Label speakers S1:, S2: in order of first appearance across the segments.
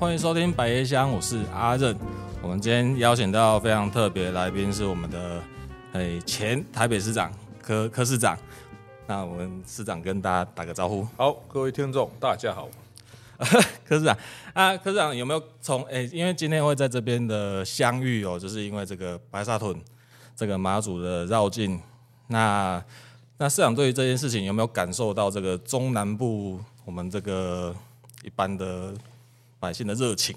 S1: 歡迎收聽《百葉箱》，我是阿任。我們今天邀請到非常特別的來賓，是我們的哎前台北市長柯柯市長。那我們市長跟大家打個招呼，好，各位聽眾，大家好，柯市 長啊，柯市長有沒有從誒、欸，因為今天會在這邊的相遇哦，就是因為這個白沙屯這個媽祖的繞境，那那市長對於這件事情有沒有感受到這個中南部我們這個一般的百姓的熱情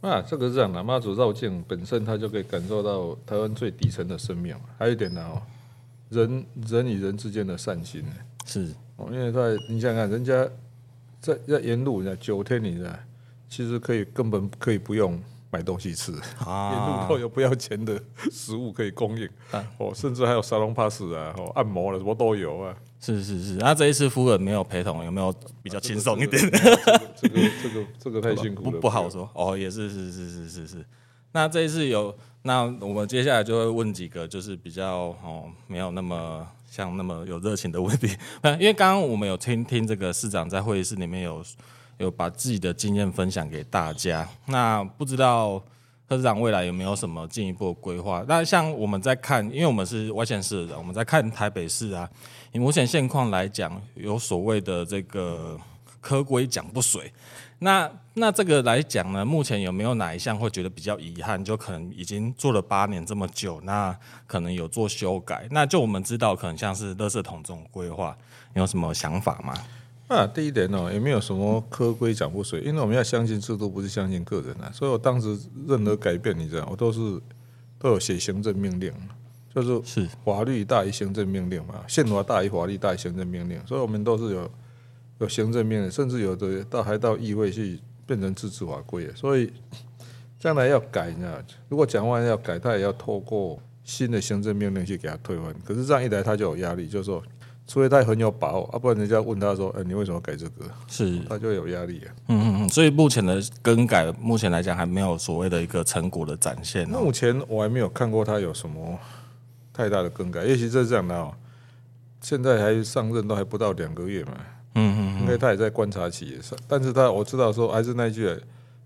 S1: 啊？這個是這樣的
S2: 媽祖繞境本身它就可以感受到台灣最底層的生命，還有一點呢哦。.人人與人之間的善心、欸是，是哦，因為在你想想，看，人家在在沿路，人家九天，你知道其實可以根本可以不用買東西
S1: 吃，啊、沿路都有
S2: 不要錢的食物可以供應，啊、哦，甚至還有沙龍
S1: pass 啊，哦，按摩了什麼都有啊。是是是，那這一次夫人沒有陪同，有沒有比較輕鬆一點的，啊？這個這個、這個、這個太辛苦了，不，不好說。要哦，也是是是是是是。那這一次有，那我們接下來就會問幾個，就是比較哦，沒有那麼像那麼有熱情的問題。那因為剛剛我們有聽聽這個市長在會議室裡面有有把自己的經驗分享給大家。那不知道柯市長未來有沒有什麼進一步的規劃？那像我們在看，因為我們是外縣市的，我們在看台北市啊，以目前現況來講，有所謂的這個柯規蔣不隨。那那這個來講呢，目前有沒有哪一項會覺得比較遺憾？就可能已經做了八年這麼久，那可能有做修改。那就我們知道，可能像是垃圾桶這種規劃，你有什麼想法嗎？啊，第一點呢、哦，
S2: 也沒有什麼柯規講不隨，因為我們要相信制度，不是相信個人啊。所以我當時任何改變，你知道，我都是都有寫行政命令，就是是法律大於行政命令嘛，憲法大於法律大於行政命令，所以我們都是有。有行政命令，甚至有的到還到議會去變成自治法規。所以將來要改呢，如果蔣萬安要改，他也要透過新的行政命令去給他推翻。可是這樣一來，他就有壓力，就是說除非他很有把握啊，不然人家問他說：“哎，你為什麼改這個？”
S1: 是，他就有壓力啊。嗯嗯嗯，所以目前的更改，目前來講還沒有所謂的一個成果的展現哦。目前我還沒有看過他有什麼太大的更改，也許這
S2: 是這樣的哦。現在還上任都還不到兩個月嘛。嗯嗯，嗯嗯，因為他也在觀察企業，但是他我知道說還是那句，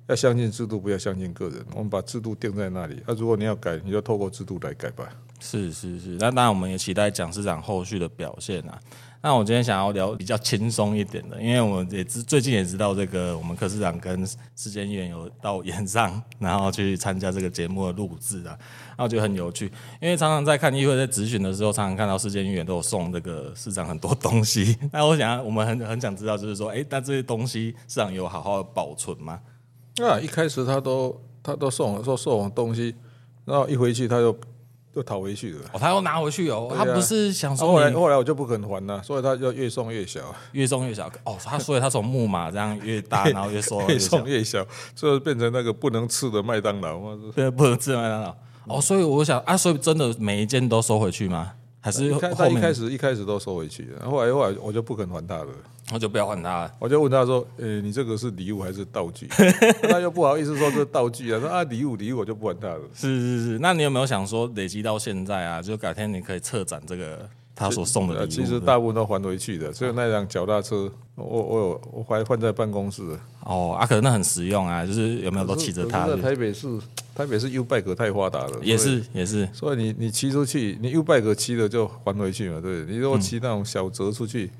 S2: 要相信制度，不要相信個人。我們把
S1: 制度定在那裡，那、啊、如果你要改，你就透過制度來改吧。是是是，那當然我們也期待蔣市長後續的表現啊。那我今天想要聊比較輕鬆一點的，因為我們也知，最近也知道這個我們柯市長跟世堅議員有到演上，然後去參加這個節目的錄製，然那我覺得很有趣。因為常常在看議會，在質詢的時候，常常看到世堅議員都有送這個市長很多東西。那我想，我們很很想知道，就是說，哎、欸，那這些東西市長有好好保存嗎？
S2: 那、啊、一開始他都他都送說送我東西，然後一回去他就。就討回去了
S1: 哦，他又拿回去哦，啊、他不是想收回。後
S2: 來我就不肯還了。所以他就越送越小，越送越小。哦，他所以他從木馬這樣越大，然後 越送越送越小，所以變成那個不能吃的麥當勞嘛，不
S1: 能吃的麥當勞。嗯、哦，所以我想啊，所以真的每一件都收回去嗎？還是他一開
S2: 始一開始都收回去，然後後來我就不肯還他了。我就不要還他了，我就
S1: 問他說：“欸、你這個是禮物還是道具？”
S2: 他 又不好意思說這是道具啊，說啊禮物禮
S1: 物，物我就不管他了。是是是，那你有沒有想說累積到現在啊？就改天你可以策展這個他所送的禮物，啊。其實大
S2: 部分都還回去的，只有那輛腳踏車，我我有我還放在辦公室。
S1: 哦，啊，可能那很實用啊，就是有沒有都騎着它？台
S2: 北市台北市 U bike 太發達了也，也是也是。所以你你騎出
S1: 去，你 U bike 騎了就
S2: 還回去嘛，對。你如果騎那種小折出去。嗯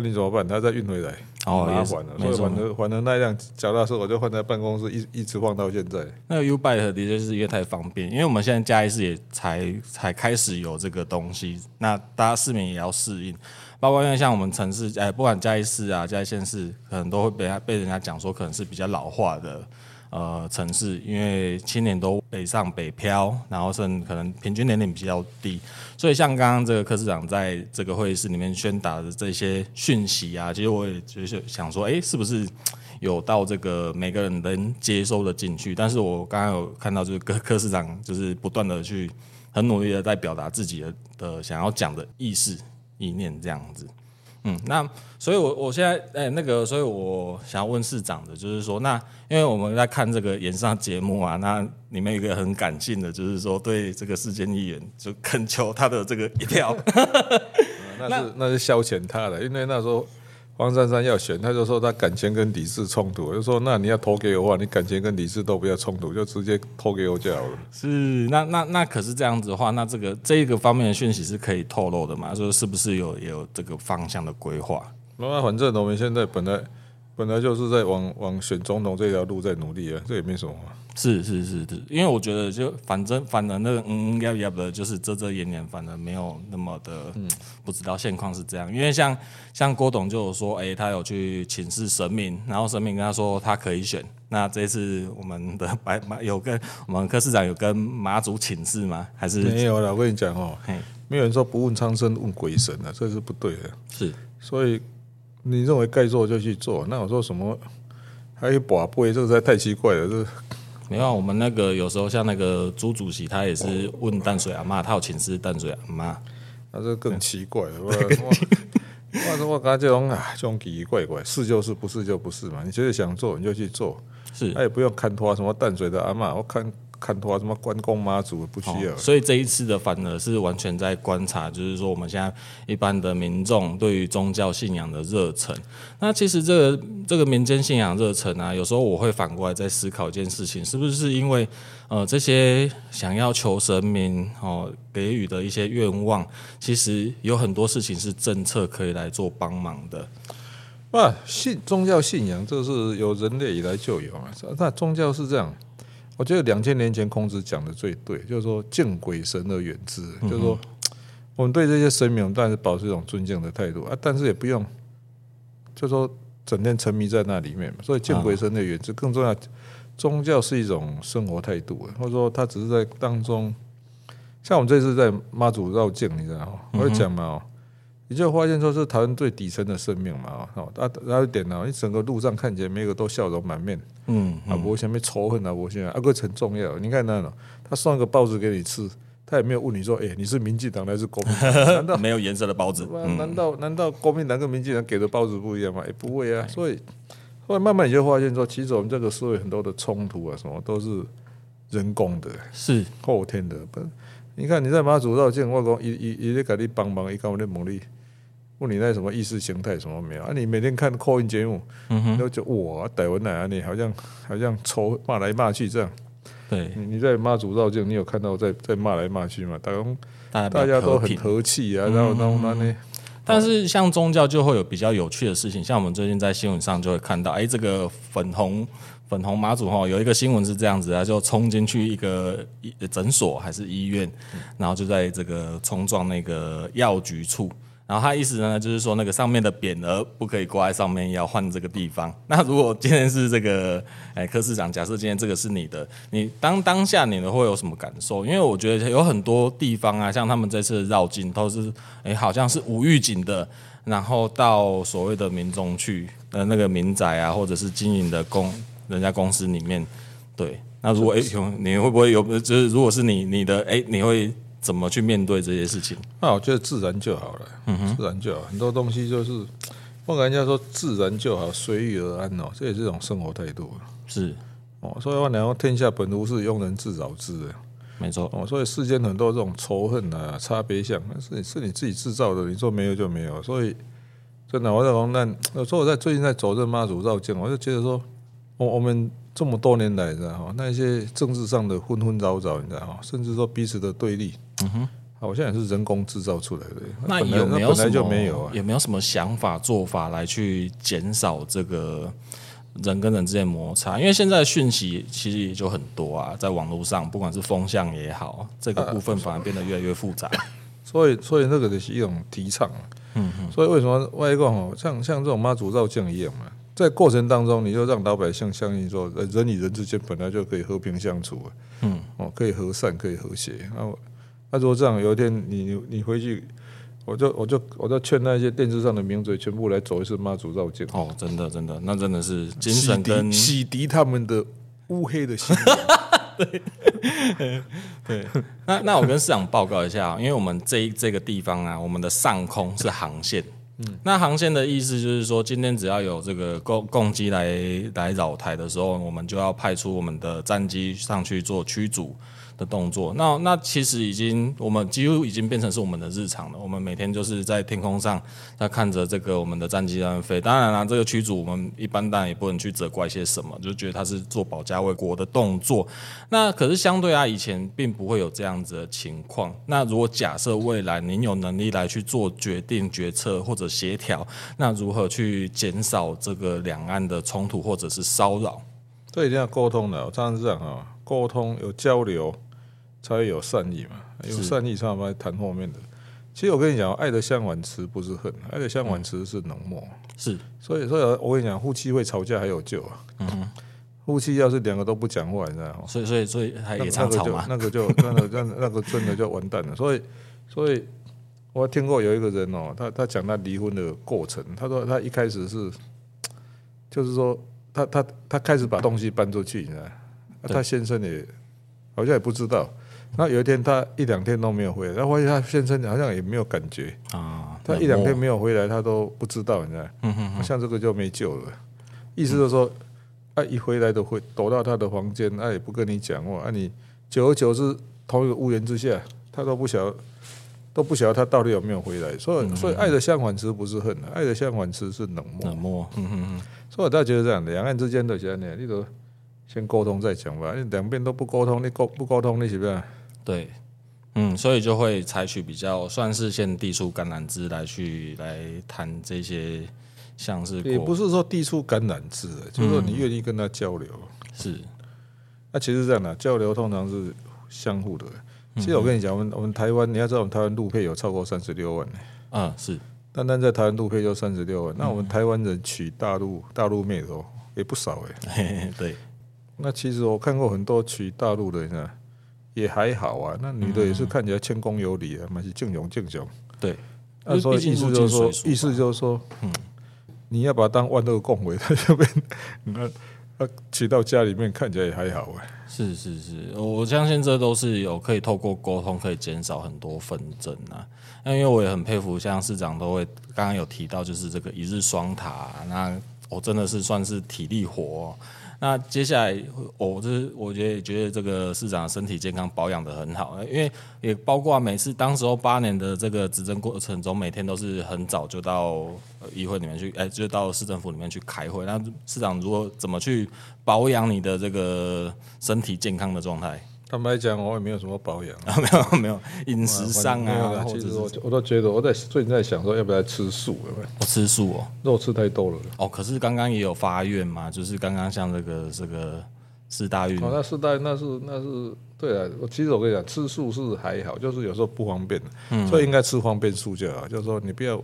S2: 那你怎麼辦？他再運回來，然後還哦，也還了，所以還錯的還的那輛腳踏車，我就放在辦公室一一直放到現在。那個
S1: Ubike 的確是一個太方便，因為我們現在嘉義市也才才開始有這個東西，那大家市民也要適應。包括因為像我們城市，哎，不管嘉義市啊、嘉義縣市，可能都會被被人家講說，可能是比較老化的。呃，城市因為青年都北上北漂，然後甚至可能平均年齡比較低，所以像剛剛這個柯市長在這個會議室裡面宣達的這些訊息啊，其實我也就是想說，哎，是不是有到這個每個人能接收的進去？但是我剛剛有看到就是柯柯市長就是不斷的去很努力的在表達自己的的、呃、想要講的意思意念這樣子。嗯，那所以我，我我現在誒、欸，那個，所以我想要問市長的，就是說，那因為我們在看這個演唱節目啊，那裡面一個很感性的，就是說對這個世堅議員，就懇求他的這個一票，那是
S2: 那是消遣他的，因為那時候。黃珊珊要選，他就說他感情跟理智衝突，就說那你要投給我的話，你感情跟理智都不要衝突，就直接投給我就
S1: 好了。是，那那那可是這樣子的話，那這個這一個方面的訊息是可以透露的嘛？說、就是不是有有這個方向的規劃？
S2: 那反正我們現在本來本來就是在往往選總統這條路在努力啊，這也沒什麼。
S1: 是是是是，是，因為我覺得就反正反正那個嗯，壓壓的就是遮遮掩掩，反正沒有那麼的、嗯、不知道現況是這樣。因為像像郭董就有說，哎、欸，他有去請示神明，然後神明跟他說他可以選。那這一次我們的白馬有跟我們柯市長有跟媽祖請示嗎？還是沒有了？
S2: 我跟你講哦、喔，沒有人說不問蒼生問鬼神了、啊、這是不對的。是，所以你認為該做就去做。那我說什麼還有跋杯，這個實在太奇怪了，這個。
S1: 沒有、啊，我們那個有時候像那個朱主席，他也是問淡水阿媽，他有請示淡水阿媽，他說、啊、更奇怪。對我對 我我感覺這種啊這種奇奇怪、怪怪，是就是不
S2: 是就不是嘛，你就是想做你就去做，是，他、啊、也不用看托什麼淡水的阿媽，我看。
S1: 看圖啊，什麼關公、媽祖，不需要。Oh, 所以這一次的反而是完全在觀察，就是說我們現在一般的民眾對於宗教信仰的熱忱。那其實這個這個民間信仰熱忱啊，有時候我會反過來在思考一件事情，是不是因為呃這些想要求神明哦、呃、給予的一些願望，其實有很多事情是政策可以來做幫忙的。
S2: 啊，信宗教信仰這是有人類以來就有啊。那宗教是這樣。我覺得兩千年前孔子講的最對，就是說敬鬼神而遠之，嗯、哼就是說我們對這些神明，但是保持一種尊敬的態度啊，但是也不用，就是說整天沉迷在那裡面，所以敬鬼神而遠之、啊、更重要。宗教是一種生活態度啊，或者說他只是在當中，像我們這次在媽祖繞境，你知道嗎？我講嘛、哦嗯你就發現說，是台灣最底層的生命嘛，哦，然、啊、然後一點呢，你整個路上看起來每個都笑容滿面，嗯，嗯，啊，不像被仇恨啊。我現在啊，這、啊、個很重要。你看那種、啊，他送一個包子給你吃，他也沒有問你說，哎、欸，你是民進黨還是國民？哈哈哈哈難
S1: 道沒有顏色的包子？嗯、難
S2: 道難道國民黨跟民進黨給的包子不一樣嗎？也、欸、不會啊。所以後來慢慢你就發現說，其實我們這個社會很多的衝突啊，什麼都是人工的，是後天的。不，你看你在媽祖繞境，外公一一一直給你幫忙，一搞我那忙力。問你那什麼意識形態什麼沒有啊？你每天看 call in 節目都覺得，然後就我逮文奶啊你，你好像好像抽罵來罵去這樣。對
S1: 你，你在媽祖繞境，你有看到在在罵來罵去嘛？打工大，大家都很和氣啊，然
S2: 後、嗯、然後呢？嗯、
S1: 樣但是像宗教就會有比較有趣的事情，像我們最近在新聞上就會看到，哎，這個粉紅粉紅媽祖吼，有一個新聞是這樣子啊，就衝進去一個診所還是醫院，嗯、然後就在這個衝撞那個藥局處。然後他意思呢，就是說那個上面的匾額不可以掛在上面，要換這個地方。那如果今天是這個哎柯市長，假設今天這個是你的，你當當下你會有什麼感受？因為我覺得有很多地方啊，像他們這次繞境都是哎好像是無預警的，然後到所謂的民眾去呃那個民宅啊，或者是經營的公人家公司裡面，對。那如果哎有你會不會有就是如果是你你的哎你會？怎麼去面對這些事情？
S2: 那我覺得自然就好了，嗯哼，自然就好。很多東西就是，我跟人家說自然就好，隨遇而安哦，這也是一種生活態度。是哦，所以我話然後天下本無事，庸人自擾之的。沒錯哦，所以世間很多這種仇恨啊、差別相，那是你是你自己製造的，你說沒有就沒有。所以真的，我在講，有時候我在最近在走這媽祖繞境，我就覺得說，我我們這麼多年來，然後那些政治上的紛紛擾擾，你知道嗎，甚至說彼此的對立。嗯哼，好像也是人工製造出來的。那有沒有，本來就沒有啊，
S1: 也沒有什麼想法做法來去減少這個人跟人之間的摩擦？因為現在訊息其實就很多啊，在網絡上，不管是風向也好，這個部分反而變得越來越複雜。啊、所以，所以那個也
S2: 是一種提倡、啊。嗯哼。所以為什麼？外一個、哦、像像這種媽祖繞境一樣嘛，在過程當中，你就讓老百姓相信說，人與人之間本來就可以和平相處、啊。嗯，哦，可以和善，可以和諧。那我。那、啊、如果這樣有一天你，你你你回去，我就我就我就勸那些電視上的名嘴，全部來走一次媽祖繞境。哦，真的真的，那
S1: 真的是精神跟洗
S2: 滌他們的烏黑的心 對。對
S1: 對， 那那我跟市長報告一下，因為我們這這個地方啊，我們的上空是航線。嗯，那航線的意思就是說，今天只要有這個共共機來來擾台的時候，我們就要派出我們的戰機上去做驅逐的動作，那那其實已經我們幾乎已經變成是我們的日常了。我們每天就是在天空上在看着這個我們的戰機在飛。當然啦、啊，這個驅逐我們一般當然也不能去責怪些什麼，就覺得他是做保家衛國的動作。那可是相對啊，以前並不會有這樣子的情況。那如果假設未來您有能力來去做決定、決策或者協調，那如何去減少這個兩岸的衝突或者是騷擾？這一定要溝通的。我常常是這樣子講啊，溝通有
S2: 交流。才會有善意嘛，有善意才慢慢談後面的。是其實我跟你講，愛的相反詞不是恨，愛的相反詞是冷漠。是、嗯，所以說，我跟你講，夫妻會吵架還有救啊。嗯哼夫妻要是兩個都不講話，你知道嗎？所以，所以，所以，還有那個嘛？那個就那個那那個真的就完蛋了。所以，所以，我聽過有一個人哦、喔，他他講他離婚的過程，他說他一開始是，就是說他，他他他開始把東西搬出去，你知道嗎，對他先生也好像也不知道。那有一天，他一兩天都沒有回來。他發現他先生好像也沒有感覺啊。他一兩天沒有回來，他都不知道，現在，嗯、哼哼像這個就沒救了。意思就是說，他、嗯啊、一回來都回躲到他的房間，他、啊、也不跟你講話，那、啊、你久而久之，同一個屋檐之下，他都不曉都不曉得他到底有沒有回來。所以，嗯、哼哼所以愛的相反詞不是恨，愛的相反詞是冷漠。冷漠。嗯哼哼所以我倒覺得是這樣，兩岸之間都是這樣，你都先溝通再講吧。你兩邊都不溝通，你溝不溝通，你是不是？
S1: 對，嗯，所以就會採取比較算是先遞出橄欖枝來去來談這些，像是也不是說遞出橄欖枝，嗯、就是說你願意跟他交流。是，那其實這樣的交流通常
S2: 是相互的、欸。其實我跟你講，我們我們台灣你要知道，我們台灣陸配有超過三十六萬呢、欸。啊、嗯，是，單單在台灣陸配就三十六萬，嗯、那我們台灣人娶大陸大陸妹的也不少哎、欸。對，那其實我看過很多娶大陸的人。也還好啊，那女的也是看起來謙恭有禮，啊，還、嗯、是敬勇敬雄。對，啊、所以意思就是說，意思就是說，嗯，嗯你要把它當萬惡共為的這
S1: 邊，那那騎到家裡面看起來也還好啊。是是是，我相信這都是有可以透過溝通，可以減少很多紛爭啊。那因為我也很佩服，像市長都會剛剛有提到，就是這個一日雙塔、啊，那我真的是算是體力活、啊。那接下來，我、哦、就是我覺得覺得這個市長身體健康保養得很好，因為也包括每次當時候八年的這個執政過程中，每天都是很早就到議會裡面去，哎，就到市政府裡面去開會。那市長如果怎麼去保養你的這個身體健康的狀態？
S2: 坦白講，我也沒有什麼保養啊，啊，沒有沒有，飲食上啊，其實我我都覺得，我在
S1: 最近在想說，要不要吃素？我、哦、吃素哦，肉吃太多了哦。可是剛剛也有發願嘛，就是剛剛像這個這個四大運，哦，那
S2: 四大那是那是，那是對啊。我其實我跟你講，吃素是還好，就是有時候不方便，嗯、所以應該吃方便素就好。就是說你不要，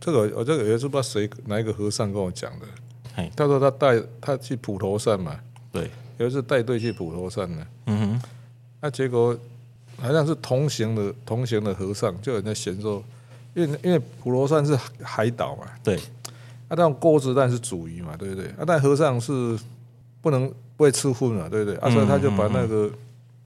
S2: 這個我這個也是不知道誰哪一個和尚跟我講的，嘿他說他帶他去普陀山嘛，對。有一次帶隊去普陀山呢，嗯哼，那結果好像是同行的同行的和尚就有人在嫌說，因為因為普陀山是海島嘛，對，那那種鍋子當然是煮魚嘛，對不對、啊？那和尚是不能不會吃葷啊，對對，啊，所以他就把那個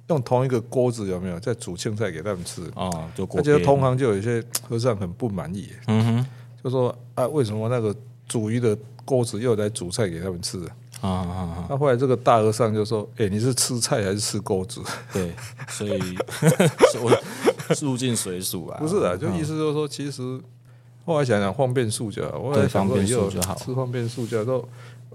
S2: 用同一個鍋子有沒有在煮青菜給他們吃啊？就同行就有一些和尚很不滿意，嗯哼，就說啊，為什麼那個煮魚的鍋子又來煮菜給他們吃、啊？啊，那、啊啊啊、後來這個大和尚就說：“哎、欸，你是吃菜還是吃鈎子？”對，所以入境 隨俗啊，不是啊，就意思就是說，嗯、其實後來想想方便素就好，我想你就吃方便素就好。吃方便素就好，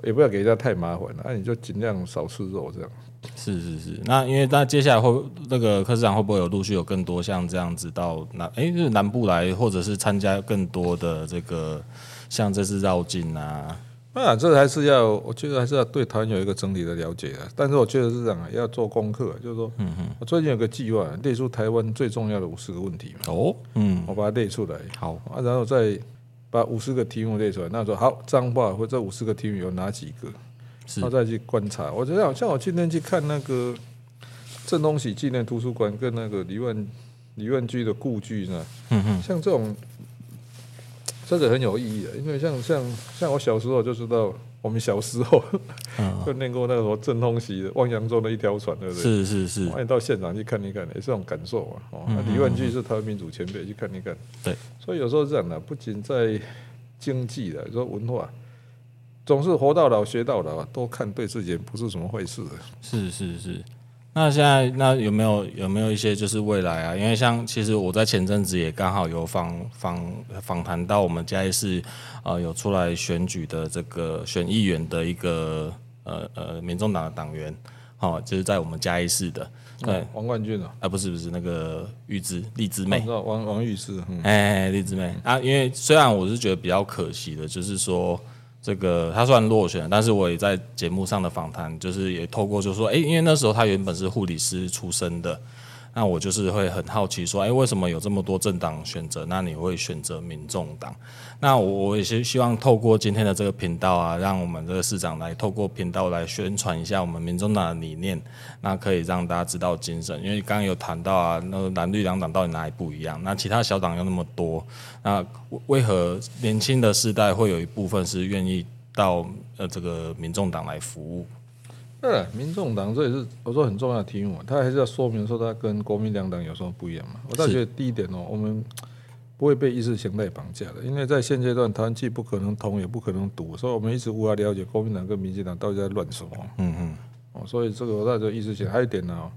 S1: 也不要給人家太麻煩了，那、啊、你就盡量少吃肉這樣。是是是，那因為那接下來會那個柯市長會不會有陸續有更多像這樣子到南哎，是南部來，或者是參加更多的這個像這次繞境啊？啊，
S2: 這還是要，我覺得還是要對台灣有一個整體的了解的。但是我覺得是這樣啊，要做功課，就是說，嗯哼，我最近有個計劃，列出台灣最重要的五十個問題嘛。哦，嗯，我把它列出來。好，啊，然後再把五十個題目列出來。那說好彰化，或者五十個題目有哪幾個？是，然後再去觀察。我覺得好像我今天去看那個鄭東喜紀念圖書館跟那個李萬李萬居的故居呢，嗯哼，像這種。這個很有意義的，因為像像像我小時候就知道，我們小時候、啊、 就念過那個什麼鄭豐喜、汪洋中的一條船，對不對？是是是。歡迎到現場去看一看，也是種感受嘛。哦，啊、李萬居是台灣民主前輩，去看一看。對、嗯嗯嗯。所以有時候是這樣的，不僅在經濟的，說文化，總是活到老學到老，多看對自己也不是什麼壞事、啊是。是是是。
S1: 那現在那有沒有有沒有一些就是未來啊？因為像其實我在前陣子也剛好有訪訪訪談到我們嘉義市，啊、呃，有出來選舉的這個選議員的一個呃呃民眾黨的黨員，好，就是在我們嘉義市的，對，王冠俊啊，啊不是不是那個玉枝，荔枝妹，
S2: 王王,王玉枝，
S1: 哎、嗯欸，荔枝妹啊，因為雖然我是覺得比較可惜的，就是說。這個他算落選，但是我也在節目上的訪談，就是也透過就是說，哎、欸，因為那時候他原本是護理師出身的。那我就是會很好奇，說，哎，為什麼有這麼多政黨選擇？那你會選擇民眾黨？那我也是希望透過今天的這個頻道啊，讓我們這個市長來透過頻道來宣傳一下我們民眾黨的理念，那可以讓大家知道精神。因為剛剛有談到啊，那藍綠兩黨到底哪裡不一樣？那其他小黨又那麼多，那為何年輕的世代會有一部分是願意到呃這個民眾黨來服務？
S2: 嗯、啊，民眾黨這也是我說很重要的題目，他還是要說明說他跟國民兩黨有什麼不一樣嘛。是我倒覺得第一點哦，我們不會被意識形態綁架的，因為在現階段，台灣既不可能同，也不可能獨，所以我們一直無法了解國民黨跟民進黨到底在亂什麼。
S1: 嗯
S2: 嗯，所以這個我倒覺得意識形態還有一點呢，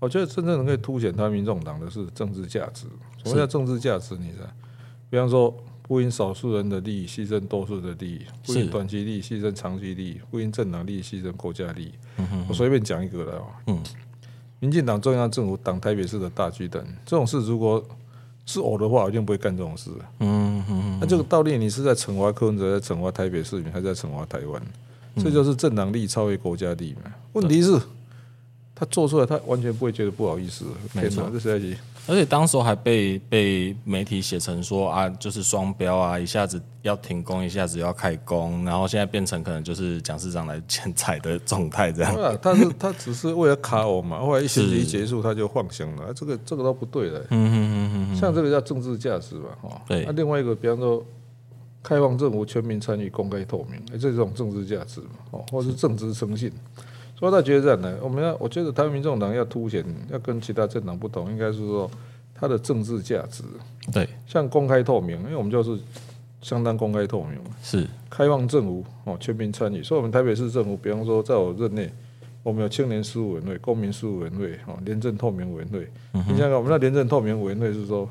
S2: 我覺得真正能夠凸顯他民眾黨的是政治價值。什麼叫政治價值？你知道？比方說。不因少數人的利益犧牲多數的利益，不因短期利益犧牲長期利益，不因政黨利益犧牲國家利益。嗯、哼哼我隨便講一個了啊、哦。嗯、民進黨中央政府黨台北市的大巨蛋這，這種事，如果，嗯、是我的話，我就不會幹這種事。那這個倒立，你是在懲罰柯文哲，在懲罰台北市民，還是在懲罰台灣？這，嗯、哼就
S1: 是政黨利益超
S2: 越國家利益嘛？問題是？他做出來，他完全不會覺得不好意思。沒錯，
S1: 就是。而且當時還被被媒體寫成說啊，就是雙標啊，一下子要停工，一下子要開工，然後現在變成可能就是蔣市長來剪彩的狀態這樣。對啊，他是
S2: 他只是為了卡我嘛，後來一選舉結束他就放行了，這個這個都不對了。嗯嗯嗯，像這個叫政治價值嘛，哈。對。那另外一個，比方說，開放政府、全民參與、公開透明，這種政治價值嘛，哦，或是政治誠信。說到決戰呢，我們要，我覺得台灣民眾黨要凸顯，要跟其他政黨不同，應該是說它的政治價值。對，像公開透明，因為我們就是相當公開透明。是，開放政府，哦，全民參與。所以，我們台北市政府，比方說，在我任內，我們有青年事務委員會、公民事務委員會、哦，廉政透明委員會。你、嗯、哼像我們那廉政透明委員會是說，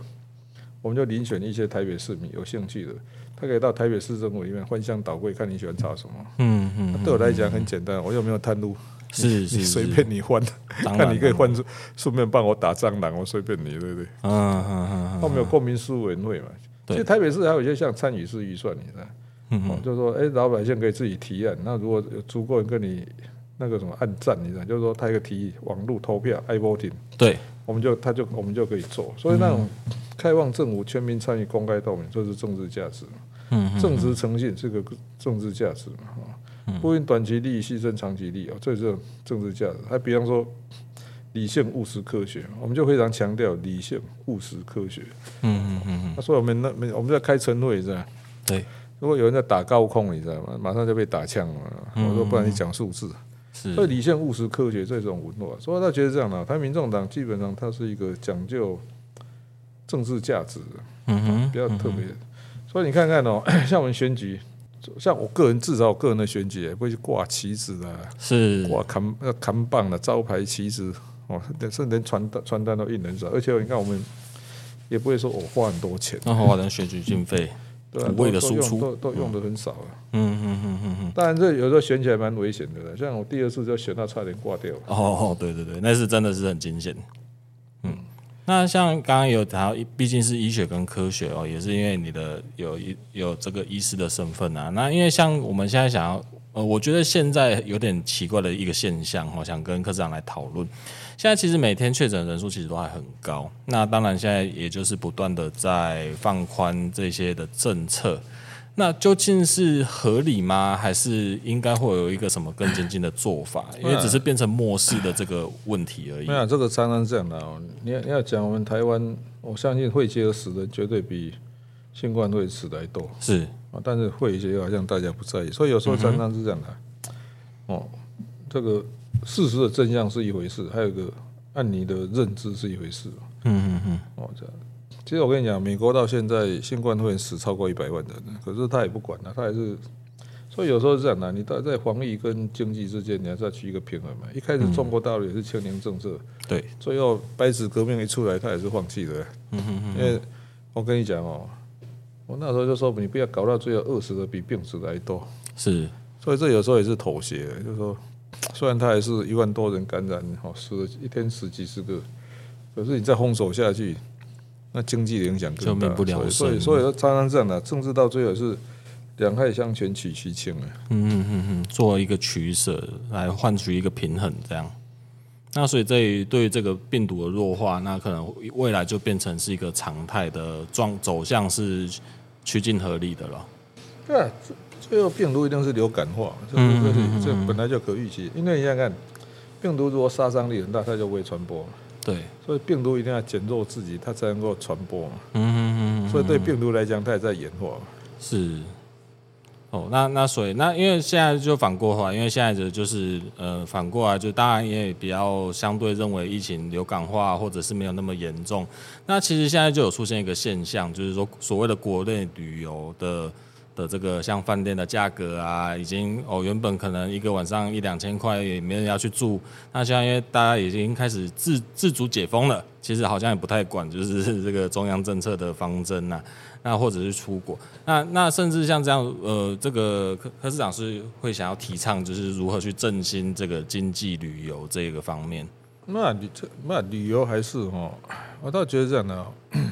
S2: 我們就遴選一些台北市民有興趣的，他可以到台北市政府裡面翻箱倒櫃，看你喜歡查什麼。嗯嗯。對我來講很簡單，我又沒有貪污。是你隨是便你換，那然、啊、你可以換出，順然便幫我打蟑螂，我隨便你，對不對，對？啊啊啊！我、啊、們、啊、有公民素養嘛？對其實台北市還有一些像參與式預算，你知道嗎？嗯哼就是說，哎、欸，老百姓可以自己提案，那如果有足夠人跟你那個什麼按讚，你知道嗎？就是說，他一個提議，網絡投票，I-voting, 對，我們就他就我們就可以做。所以那種開放政府、全民參與、公開透明，這、就是政治價值嘛。嗯哼，政治誠信是個政治價值嘛？啊。不因短期利益犧牲長期利益、哦、這是政治價值。還比方說，理性、務實、科學，我們就非常強調理性、務實、科學。嗯、哦、嗯嗯。他、嗯、說、嗯啊、我們那我們在開城會，是吧？對。如果有人在打高空，你知道嗎？馬上就被打槍了。我、嗯哦、說不然你講數字。嗯嗯、所以理性、務實、科學這種文化，所以他覺得這樣的、啊，他民眾黨基本上他是一個講究政治價值，嗯，嗯，嗯比較特別。嗯嗯、所以你看看哦，像我們選舉。像我個人至少我個人的選舉不會去掛旗子的、啊，是掛扛扛棒的、啊、招牌旗子哦，甚連是連傳單傳單都印很少，而且你看我們也不會說我花很多錢，那花的
S1: 選舉經費、嗯，對，為了輸出都
S2: 都用的很少了、啊嗯，嗯嗯嗯嗯嗯。當、嗯、然、嗯、這有時候選起來蠻危險的，像我第二次就選到差點掛掉
S1: 了，哦對對對，那次真的是很驚險。那像剛剛有談到，畢竟是醫學跟科學哦，也是因為你的有一有這個醫師的身份啊。那因為像我們現在想要，呃，我覺得現在有點奇怪的一個現象，我想跟柯市長來討論。現在其實每天確診人數其實都還很高，那當然現在也就是不斷的在放寬這些的政策。那究竟是合理嗎？還是應該會有一個什麼更精進的做法？那因為只是變成末世的這個問題而已。沒
S2: 有、啊，這個常常是這樣的哦。你要你要講我們台灣，我相信會接的死的絕對比新冠會死的還多。是啊，但是會接好像大家不在意，所以有時候常常是這樣的。嗯、哼哦，這個事實的真相是一回事，還有一個按你的認知是一回事嗯嗯嗯，哦這樣。其實我跟你講，美國到現在新冠肺炎死超過一百萬人，可是他也不管他還是，所以有時候是這樣的，你在在防疫跟經濟之間，你還是要取一個平衡嘛。一開始中國大陸也是清零政策，嗯、對，最後白紙革命一出來，他也是放棄的。對 因為我跟你講哦、喔，我那時候就說你不要搞到最後餓死的比病死的還多。是。所以這有時候也是妥協，就是、說雖然他還是一萬多人感染，好死了一天死幾十個，可是你再封鎖下去。那經濟的影響根本不了了所，所以所以說常常這樣的政治到最後是兩害相權取其輕，嗯嗯嗯嗯，
S1: 做一個取舍來換取一個平衡這樣。那所以對於對於這個病毒的弱化，那可能未來就變成是一個常態的狀走向是趨近合理的了。
S2: 對啊，最後病毒一定是流感化，這這本來就可預期，因為你看看病毒如果殺傷力很大，它就不會傳播嘛。對，所以病毒一定要減弱自己，它才能夠傳播嘛。嗯，嗯，嗯，嗯，嗯。所以對病毒來講，它也在演化。
S1: 是。哦，那那所以那因為現在就反過來，因為現在的就是呃反過來，就當然也比較相對認為疫情流感化或者是沒有那麼嚴重。那其實現在就有出現一個現象，就是說所謂的國內旅遊的。的這個像飯店的價格啊，已經哦，原本可能一個晚上一兩千塊也沒人要去住，那現在因為大家已經開始自自主解封了，其實好像也不太管，就是這個中央政策的方針啊，那或者是出國，那那甚至像這樣呃，這個柯柯市長是會想要提倡，就是如何去振興這個經濟旅遊這個方面？那，
S2: 你那旅這那旅遊還是哦，我倒覺得這樣的、啊。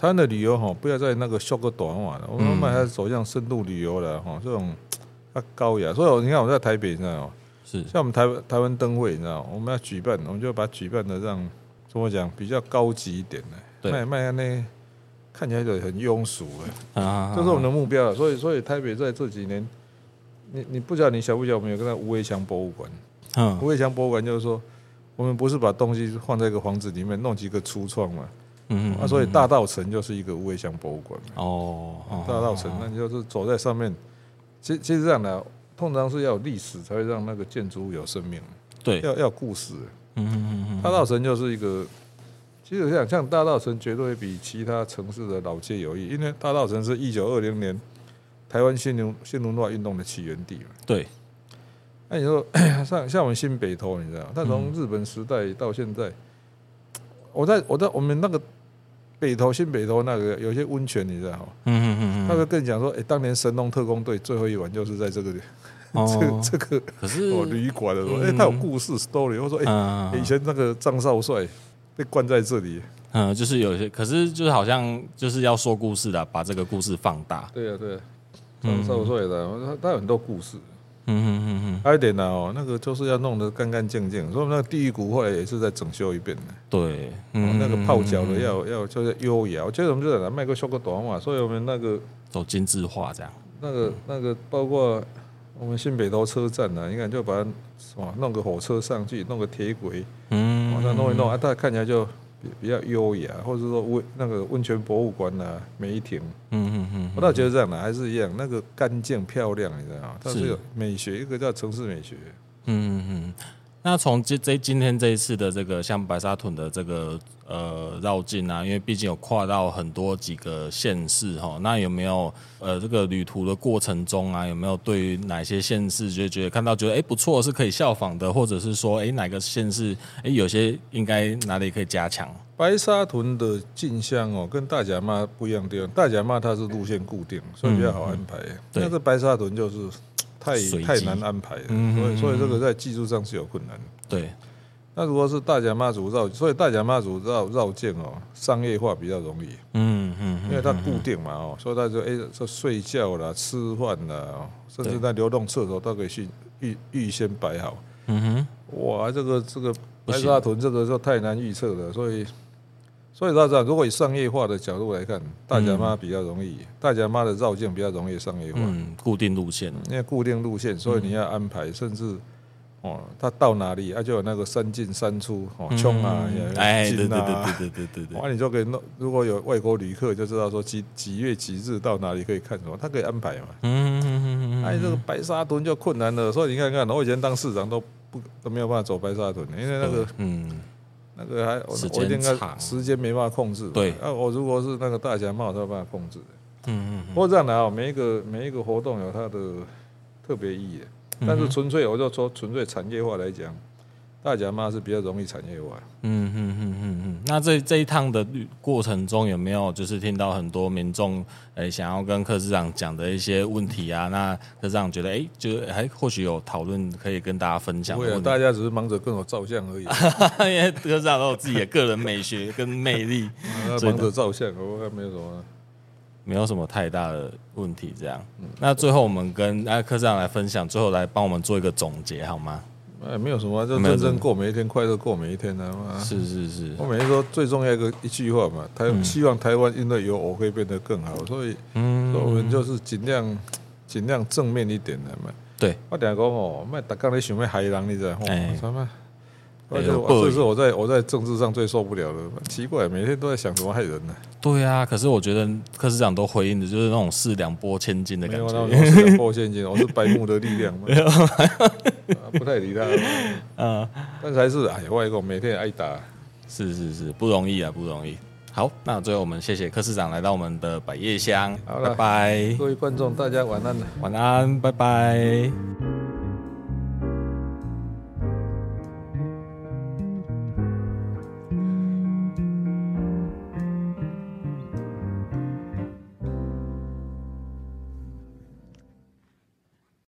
S2: 台灣的旅遊哈，不要在那個小個短哇，我們慢慢還走向深度旅遊了哈。嗯、這種啊高雅，所以你看我在台北你知道嗎？是像我們台灣台灣燈會你知道，我們要舉辦，我們就把舉辦的讓怎麼講比較高級一點的，賣賣那看起來就很庸俗的啊，啊，啊，啊，這是我們的目標。所以所以台北在這幾年，你你不知道你曉不曉得？我們有那個無圍牆博物館，無圍牆博物館就是說，我們不是把東西放在一個房子裡面弄幾個櫥窗嘛。嗯，哼嗯哼，那、啊、所以大稻埕就是一個無圍牆博物館。哦，大稻埕，哦、那你就是走在上面。其、哦、其實這樣的通常是要有歷史才會讓那個建築物有生命。對，要要故事，啊。嗯哼嗯嗯，大稻埕就是一個。其實我想像大稻埕，絕對比其他城市的老街有意，因為大稻埕是一九二零年台灣新、新文化運動的起源地嘛。對。那、啊、你說像像我們新北投，你知道，但從日本時代到現在，嗯、我在我在我們那個。北投新北投那個有些溫泉，你知道嗎？嗯嗯嗯，嗯嗯他就跟你講說，哎、欸，當年神龍特工隊最後一晚就是在這個地、哦，這這個可是旅館的，哎、嗯欸，他有故事 story，我說哎、欸嗯欸，以前那個張少帥被關在這
S1: 裡，嗯，就是有些，可是就是好像就是要說故事的，把這個故事放大。對啊，對啊，張
S2: 少帥的，他他有很多故事。嗯哼嗯嗯嗯，還一點呢哦，那個就是要弄得乾乾淨淨，所以我們那個地獄谷後來也是在整修一遍的。對，嗯、哦，那個泡腳的要嗯嗯要就是優雅，我覺得我們就在那麥個修個短髮，所以我們那個走精致化這樣。那個、嗯、那個包括我們新北投車站呢、啊，你看就把什麼弄個火車上去，弄個鐵軌，嗯，往上弄一弄嗯嗯啊，大家看起來就。比較優雅，或者說溫那個溫泉博物館啊，美亭，嗯嗯嗯，我倒覺得這樣的還是一樣，那個乾淨漂亮，你知道嗎？是有美學，是一個叫城市美學，嗯
S1: 嗯嗯。那從這這今天這一次的這個像白沙屯的這個呃繞境啊，因為畢竟有跨到很多幾個縣市哈、哦，那有沒有呃這個旅途的過程中啊，有沒有對於哪些縣市就覺得看到覺得哎不錯，是可以效仿的，或者是說哎哪個縣市哎有些應該哪裡可以加強？
S2: 白沙屯的進香哦，跟大甲媽不一樣地方，大甲媽它是路線固定，嗯、所以比較好安排。那、嗯嗯、
S1: 這白沙屯就是。太太難安排了，所以所以這個
S2: 在技術上是有困難。對、嗯嗯，那如果是大甲媽祖繞，所以大甲媽祖繞繞艦哦，商業化比較容易。嗯哼嗯，哼嗯哼，因為它固定嘛哦、喔，所以他就誒，說、欸、睡覺啦，吃飯哦、喔，甚至在流動廁所都可以預預先擺好。嗯哼，哇，這個這個白沙屯這個就太難預測了，所以。所以大家如果以商業化的角度來看，大甲媽比較容易，嗯、大甲媽的遶境比較容易商業化。嗯，
S1: 固定路線，因為固定路
S2: 線，所以你要安排，嗯、甚至哦，他到哪裡，他、啊、就有那個三進三出，哦，衝啊，嗯嗯，哎，對對對對對對對對，對對對對對啊，你就可以弄。如果有外國旅客，就知道說幾幾月幾日到哪裡可以看什麼，他可以安排嘛。嗯嗯嗯哎，嗯這個白沙屯就困難了，所以你看看，我以前當市長都不都沒有辦法走白沙屯，因為那個嗯。嗯對，還我我應該時間沒辦法控制。對，那、啊、我如果是那個大甲媽嘛，我才有辦法控制。嗯嗯。不過這樣來啊、哦，每一個每一個活動有它的特別意義、啊，嗯、哼但是純粹我就說純粹產業化來講。大甲媽是比較容易產業化，嗯。嗯嗯
S1: 嗯嗯嗯。那這這一趟的過程中，有沒有就是聽到很多民眾、欸、想要跟柯市長講的一些問題啊？那柯市長覺得哎、欸、就是還或許有討論可以跟大家分享的問題。不啊，大家只是忙着跟我照相而已。 因為柯市長都有自己的 個人美學跟魅力，嗯、忙着照相，以我看沒有什麼，沒有什麼太大的問題。這樣。那最後我們跟阿柯、啊、市長來分享，最後來幫我們做一個總結，好嗎？
S2: 哎，沒有什麼、啊，就真正過每一天，快樂過每一天的、啊、
S1: 嘛。是是是，我每次
S2: 說最重要一個一句話嘛，台、嗯、希望台灣因為有我會變得更好，所以、嗯、所以我們就是盡量盡量正面一點的、啊、嘛。對，我等下講哦，賣大家你想買害人，你所以、啊、遇是我在，
S1: 在我，在政治上最受不了的，奇怪，每天都在想怎麼害人呢、啊？對呀、啊，可是我覺得柯市長都回應的，就是那種四兩撥千斤的感覺。兩撥千斤 我是百畝的力量不太理他。啊、嗯，但是還是哎外國每天挨打，是是是，不容易啊，不容易。好，那最後我們謝謝柯市長來到我們的百葉箱好啦拜拜，
S2: 各位觀眾，大家晚安。
S1: 晚安，拜拜。